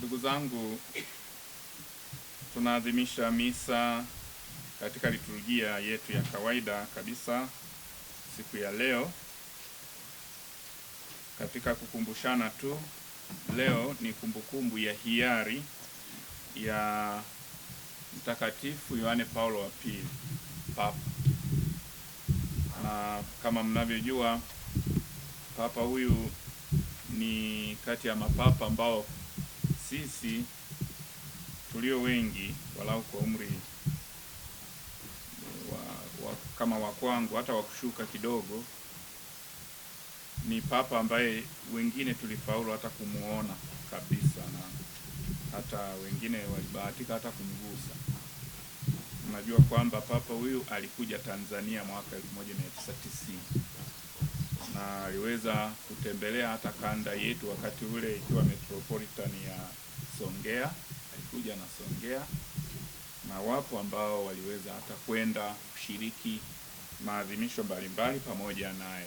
Ndugu zangu, tunaadhimisha misa katika liturujia yetu ya kawaida kabisa siku ya leo. Katika kukumbushana tu, leo ni kumbukumbu ya hiari ya Mtakatifu Yohane Paulo wa Pili, Papa. Na kama mnavyojua, Papa huyu ni kati ya mapapa ambao sisi tulio wengi walau kwa umri wa, wa, kama wa kwangu hata wa kushuka kidogo ni papa ambaye wengine tulifaulu hata kumuona kabisa na hata wengine walibahatika hata kumgusa. Unajua kwamba papa huyu alikuja Tanzania mwaka 1990 na aliweza kutembelea hata kanda yetu wakati ule ikiwa metropolitan ya Songea, alikuja na Songea, na wapo ambao waliweza hata kwenda kushiriki maadhimisho mbalimbali pamoja naye.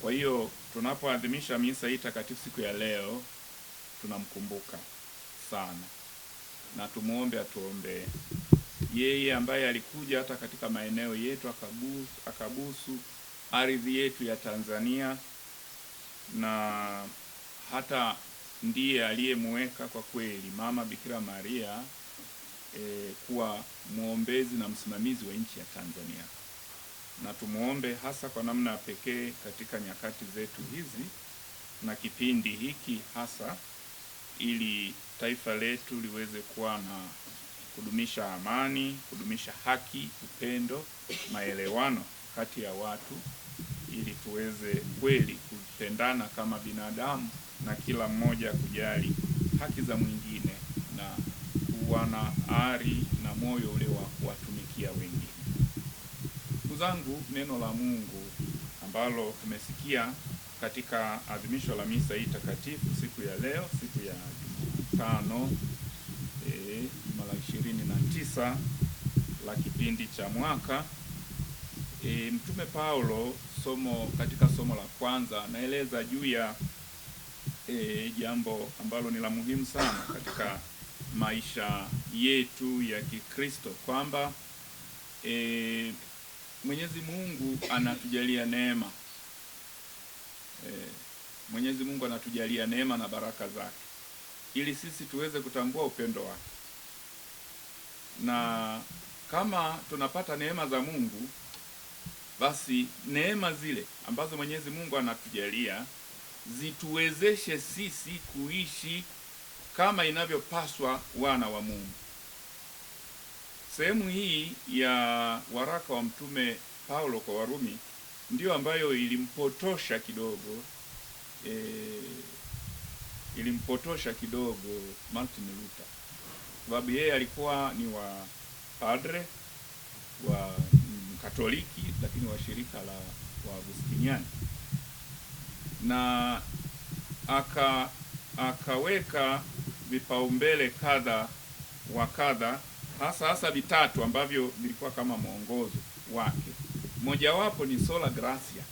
Kwa hiyo tunapoadhimisha misa hii takatifu siku ya leo, tunamkumbuka sana na tumwombe atuombee yeye ambaye alikuja hata katika maeneo yetu akabusu, akabusu ardhi yetu ya Tanzania na hata ndiye aliyemweka kwa kweli Mama Bikira Maria e, kuwa mwombezi na msimamizi wa nchi ya Tanzania, na tumuombe hasa kwa namna ya pekee katika nyakati zetu hizi na kipindi hiki hasa, ili taifa letu liweze kuwa na kudumisha amani, kudumisha haki, upendo, maelewano kati ya watu, ili tuweze kweli kupendana kama binadamu na kila mmoja kujali haki za mwingine na kuwa na ari na moyo ule wa kuwatumikia wengine. Ndugu zangu, neno la Mungu ambalo tumesikia katika adhimisho la misa hii takatifu siku ya leo, siku ya Jumatano eh, juma e, la ishirini na tisa la kipindi cha mwaka e, Mtume Paulo somo katika somo la kwanza anaeleza juu ya e, jambo ambalo ni la muhimu sana katika maisha yetu ya Kikristo kwamba e, Mwenyezi Mungu anatujalia neema e, Mwenyezi Mungu anatujalia neema na baraka zake ili sisi tuweze kutambua upendo wake, na kama tunapata neema za Mungu, basi neema zile ambazo Mwenyezi Mungu anatujalia zituwezeshe sisi kuishi kama inavyopaswa wana wa Mungu. Sehemu hii ya waraka wa Mtume Paulo kwa Warumi ndiyo ambayo ilimpotosha kidogo e, ilimpotosha kidogo Martin Luther, sababu yeye alikuwa ni wa padre wa Mkatoliki, lakini wa shirika la Waagustiniani na aka akaweka vipaumbele kadha wa kadha, hasa hasa vitatu ambavyo vilikuwa kama mwongozo wake. Mojawapo ni sola gracia.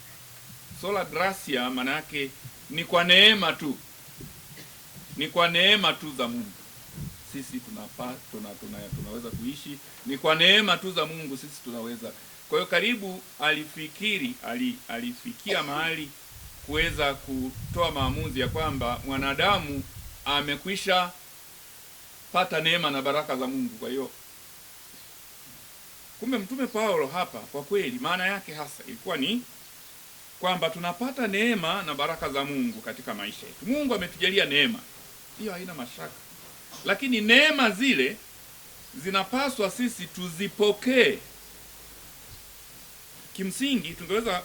Sola gracia maana yake ni kwa neema tu, ni kwa neema tu za Mungu sisi tunapa, tuna, tuna, tunaweza kuishi, ni kwa neema tu za Mungu sisi tunaweza. Kwa hiyo karibu alifikiri ali, alifikia mahali kuweza kutoa maamuzi ya kwamba mwanadamu amekwisha pata neema na baraka za Mungu. Kwa hiyo kumbe, mtume Paulo hapa kwa kweli maana yake hasa ilikuwa ni kwamba tunapata neema na baraka za Mungu katika maisha yetu. Mungu ametujalia neema, hiyo haina mashaka, lakini neema zile zinapaswa sisi tuzipokee. Kimsingi tungeweza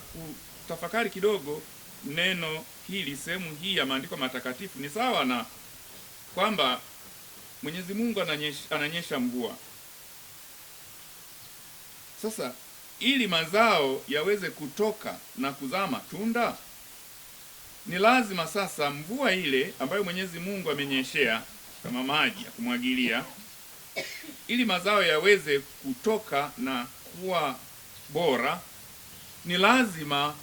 kutafakari kidogo neno hili, sehemu hii ya maandiko matakatifu ni sawa na kwamba Mwenyezi Mungu ananyesha, ananyesha mvua. Sasa ili mazao yaweze kutoka na kuzaa matunda, ni lazima sasa mvua ile ambayo Mwenyezi Mungu amenyeshea kama maji ya kumwagilia, ili mazao yaweze kutoka na kuwa bora, ni lazima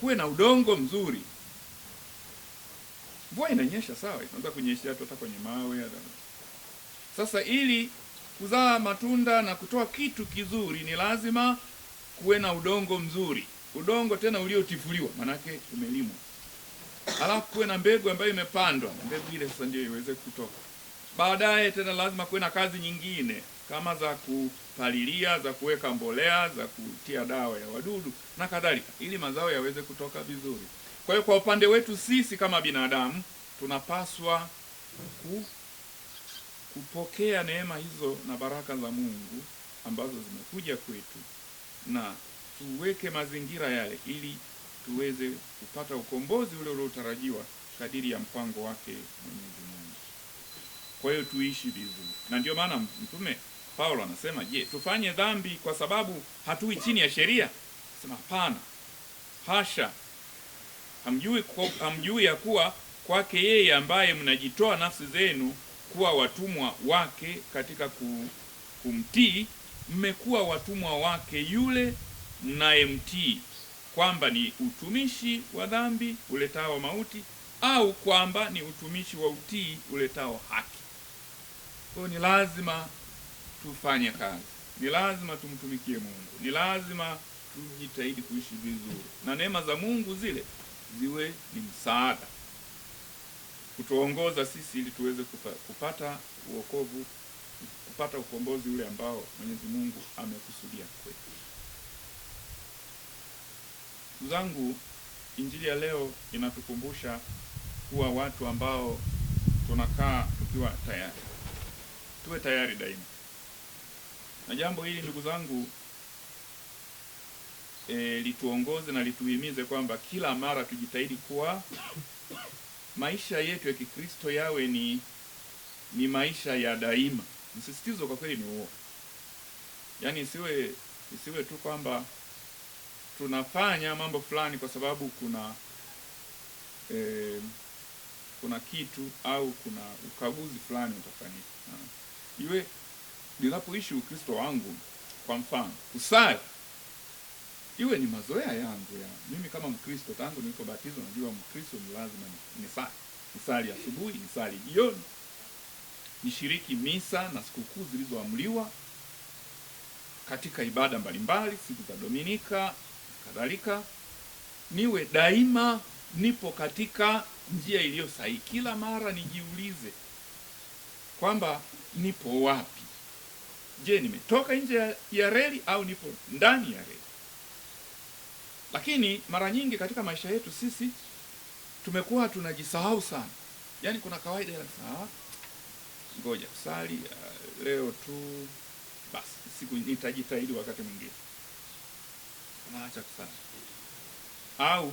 kuwe na udongo mzuri. Mvua inanyesha sawa, inaweza kunyesha hata kwenye mawe. Sasa ili kuzaa matunda na kutoa kitu kizuri, ni lazima kuwe na udongo mzuri, udongo tena uliotifuliwa, manake umelimwa, alafu kuwe na mbegu ambayo imepandwa, mbegu ile sasa ndio iweze kutoka. Baadaye tena lazima kuwe na kazi nyingine kama za kupalilia, za kuweka mbolea, za kutia dawa ya wadudu na kadhalika, ili mazao yaweze kutoka vizuri. Kwa hiyo, kwa upande wetu sisi kama binadamu tunapaswa ku, kupokea neema hizo na baraka za Mungu ambazo zimekuja kwetu na tuweke mazingira yale ili tuweze kupata ukombozi ule uliotarajiwa kadiri ya mpango wake Mwenyezi Mungu. Kwa hiyo tuishi vizuri, na ndio maana mtume Paulo anasema je, tufanye dhambi kwa sababu hatui chini ya sheria? Sema hapana, hasha. Hamjui, hamjui ya kuwa kwake yeye ambaye mnajitoa nafsi zenu kuwa watumwa wake katika kumtii, mmekuwa watumwa wake yule mnayemtii, kwamba ni utumishi wa dhambi uletao mauti au kwamba ni utumishi wa utii uletao haki. Kwa ni lazima tufanye kazi, ni lazima tumtumikie Mungu, ni lazima tujitahidi kuishi vizuri, na neema za Mungu zile ziwe ni msaada kutuongoza sisi ili tuweze kupata uokovu, kupata ukombozi ule ambao Mwenyezi Mungu amekusudia kwetu. Ndugu zangu, Injili ya leo inatukumbusha kuwa watu ambao tunakaa tukiwa tayari, tuwe tayari daima. Na jambo hili ndugu zangu e, lituongoze na lituhimize kwamba kila mara tujitahidi kuwa maisha yetu ya Kikristo yawe ni ni maisha ya daima. Msisitizo kwa kweli ni huo, yaani isiwe isiwe tu kwamba tunafanya mambo fulani kwa sababu kuna e, kuna kitu au kuna ukaguzi fulani utafanyika, iwe ninapoishi Ukristo wangu, kwa mfano kusali iwe ni mazoea yangu ya mimi kama Mkristo. Tangu nilipobatizwa najua Mkristo ni lazima nisali, nisali asubuhi, nisali jioni, nishiriki misa na sikukuu zilizoamliwa katika ibada mbalimbali, siku za Dominika kadhalika, niwe daima nipo katika njia iliyo sahihi. Kila mara nijiulize kwamba nipo wapi Je, nimetoka nje ya reli au nipo ndani ya reli? Lakini mara nyingi katika maisha yetu sisi tumekuwa tunajisahau sana, yaani kuna kawaida ya saa, ah, ngoja kusali uh, leo tu basi, siku nitajitahidi wakati mwingine, naacha kusali au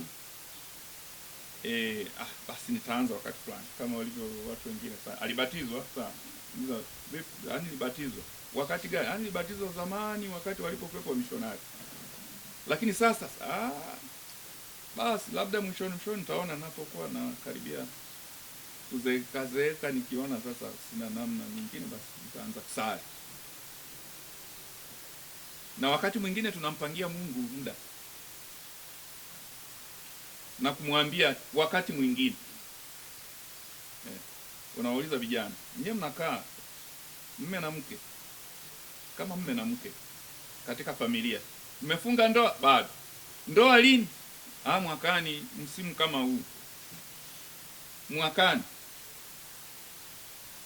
E, ah, basi nitaanza wakati fulani kama walivyo watu wengine sana. Alibatizwa sana, yaani alibatizwa wakati gani? Yaani batizo zamani wakati walipokuwepo wamishonari, lakini sasa aa, ah, basi labda mwishoni mwishoni nitaona napokuwa na karibia kuzeekazeeka, nikiona sasa sina namna nyingine, basi nitaanza kusali. Na wakati mwingine tunampangia Mungu muda na kumwambia wakati mwingine eh. Unawauliza vijana, nyie mnakaa mme na mke kama mme na mke katika familia, mmefunga ndoa bado? Ndoa lini? Ah, mwakani, msimu kama huu mwakani.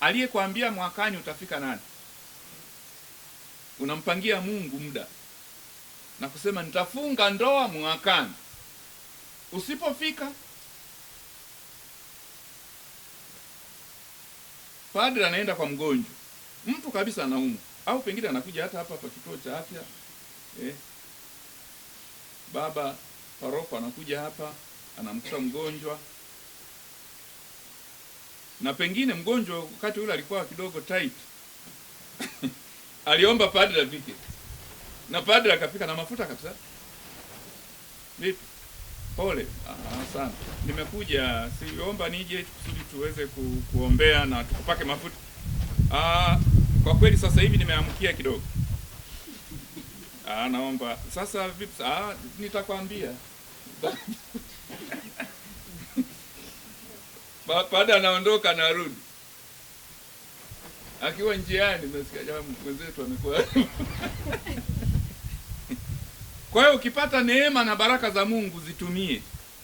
Aliyekwambia mwakani utafika nani? Unampangia Mungu muda na kusema nitafunga ndoa mwakani. Usipofika padre anaenda kwa mgonjwa, mtu kabisa anaumwa au pengine anakuja hata hapa hapa kituo cha afya eh, baba paroko anakuja hapa anamkuta mgonjwa, na pengine mgonjwa wakati ule alikuwa kidogo tight aliomba padre apike, na padre akafika na mafuta kabisa. Vipi? Pole ah, sana, nimekuja siomba nije kusudi tuweze ku, kuombea na tukupake mafuta ah, kwa kweli sasa hivi nimeamkia kidogo. Ah, naomba sasa vipi? Ah, nitakwambia baada anaondoka, narudi akiwa njiani, nasikia jamu mwenzetu amekuwa. Kwa hiyo ukipata neema na baraka za Mungu zitumie,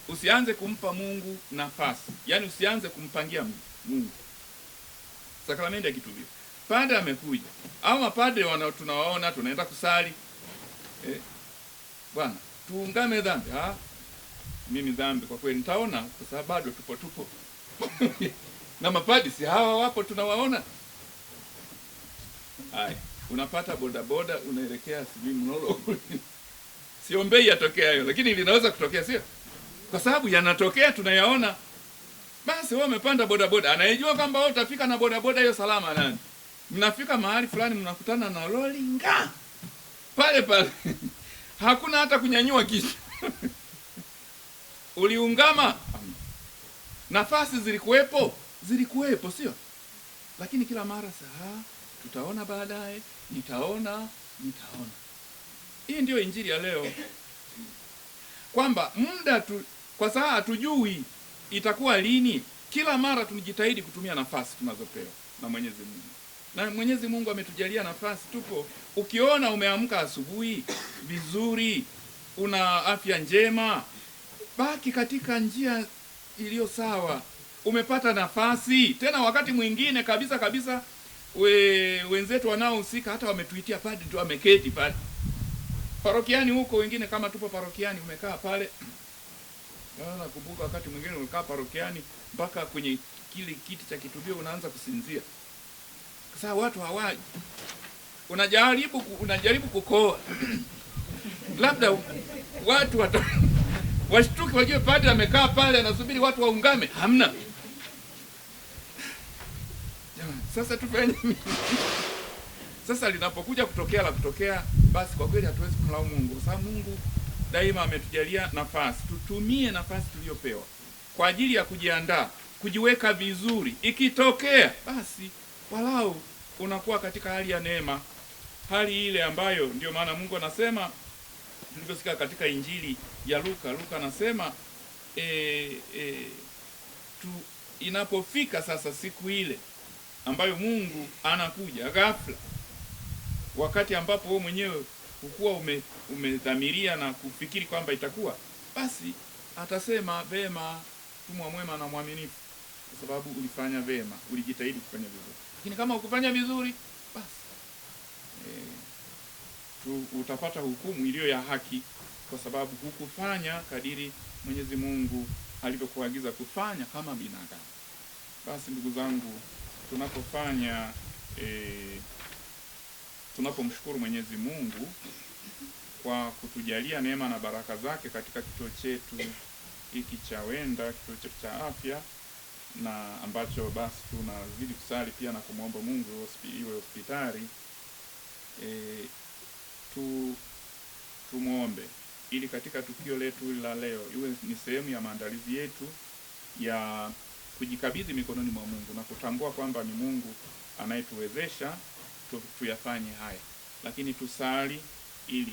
usianze kumpa Mungu nafasi, yaani usianze kumpangia Mungu sakramenti ya kitubio Padre amekuja au mapadre wana tunawaona, tunaenda kusali eh, bwana tuungame dhambi. ha? mimi dhambi kwa kweli nitaona, kwa sababu bado tupo tupo na mapadi si hawa wapo, tunawaona haya. Unapata bodaboda unaelekea sijui mnolo siombei yatokea hayo, lakini linaweza kutokea, sio kwa sababu yanatokea, tunayaona. Basi wamepanda umepanda bodaboda, anayejua kwamba wewe utafika na bodaboda hiyo salama nani? mnafika mahali fulani mnakutana na lori nga ah! pale pale hakuna hata kunyanyua kichwa uliungama. Nafasi zilikuwepo, zilikuwepo, sio? Lakini kila mara saa tutaona baadaye, nitaona, nitaona. Hii ndio injili ya leo, kwamba muda tu, kwa saa hatujui itakuwa lini. Kila mara tunijitahidi kutumia nafasi tunazopewa na Mwenyezi Mungu na Mwenyezi Mungu ametujalia nafasi, tupo. Ukiona umeamka asubuhi vizuri, una afya njema, baki katika njia iliyo sawa. Umepata nafasi tena, wakati mwingine kabisa kabisa, we, wenzetu wanaohusika hata wametuitia padri tu, ameketi pale parokiani huko, wengine kama tupo parokiani, umekaa pale Nakumbuka ah, wakati mwingine ulikaa parokiani mpaka kwenye kile kiti cha kitubio unaanza kusinzia. Sasa watu hawaji, unajaribu unajaribu kukoa labda watu wata washtuki wajue padri amekaa pale anasubiri watu waungame. Hamna. Sasa tufanye sasa, linapokuja kutokea la kutokea, basi kwa kweli hatuwezi kumlaumu Mungu, kwa sababu Mungu daima ametujalia nafasi. Tutumie nafasi tuliyopewa kwa ajili ya kujiandaa, kujiweka vizuri, ikitokea basi walau unakuwa katika hali ya neema, hali ile ambayo ndio maana Mungu anasema tulivyosikia katika Injili ya Luka. Luka anasema e, e, tu inapofika sasa siku ile ambayo Mungu anakuja ghafla, wakati ambapo wewe mwenyewe hukuwa ume, umedhamiria na kufikiri kwamba itakuwa, basi atasema vema, tumwa mwema na mwaminifu, kwa sababu ulifanya vema, ulijitahidi kufanya vizuri lakini kama ukufanya vizuri basi e, utapata hukumu iliyo ya haki, kwa sababu hukufanya kadiri Mwenyezi Mungu alivyokuagiza kufanya kama binadamu. Basi ndugu zangu, tunapofanya e, tunapomshukuru Mwenyezi Mungu kwa kutujalia neema na baraka zake katika kituo chetu hiki cha Wenda, kituo chetu cha afya na ambacho basi tunazidi kusali pia na kumwomba Mungu iwe hospitali e, tu tumwombe ili katika tukio letu hili la leo iwe ni sehemu ya maandalizi yetu ya kujikabidhi mikononi mwa Mungu na kutambua kwamba ni Mungu anayetuwezesha tu, tuyafanye haya, lakini tusali ili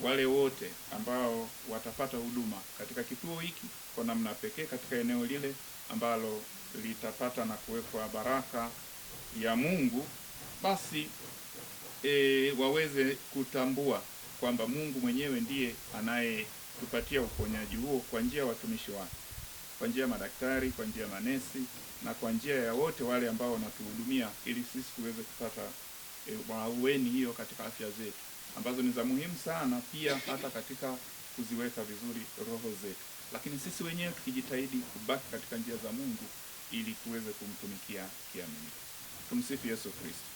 wale wote ambao watapata huduma katika kituo hiki kwa namna pekee katika eneo lile ambalo litapata na kuwekwa baraka ya Mungu, basi e, waweze kutambua kwamba Mungu mwenyewe ndiye anayetupatia uponyaji huo kwa njia ya watumishi wake, kwa njia ya madaktari, kwa njia ya manesi na kwa njia ya wote wale ambao wanatuhudumia, ili sisi tuweze kupata e, ahueni hiyo katika afya zetu ambazo ni za muhimu sana, pia hata katika kuziweka vizuri roho zetu. Lakini sisi wenyewe tukijitahidi kubaki katika njia za Mungu ili kuweza kumtumikia kiaminifu. Tumsifu Yesu Kristo.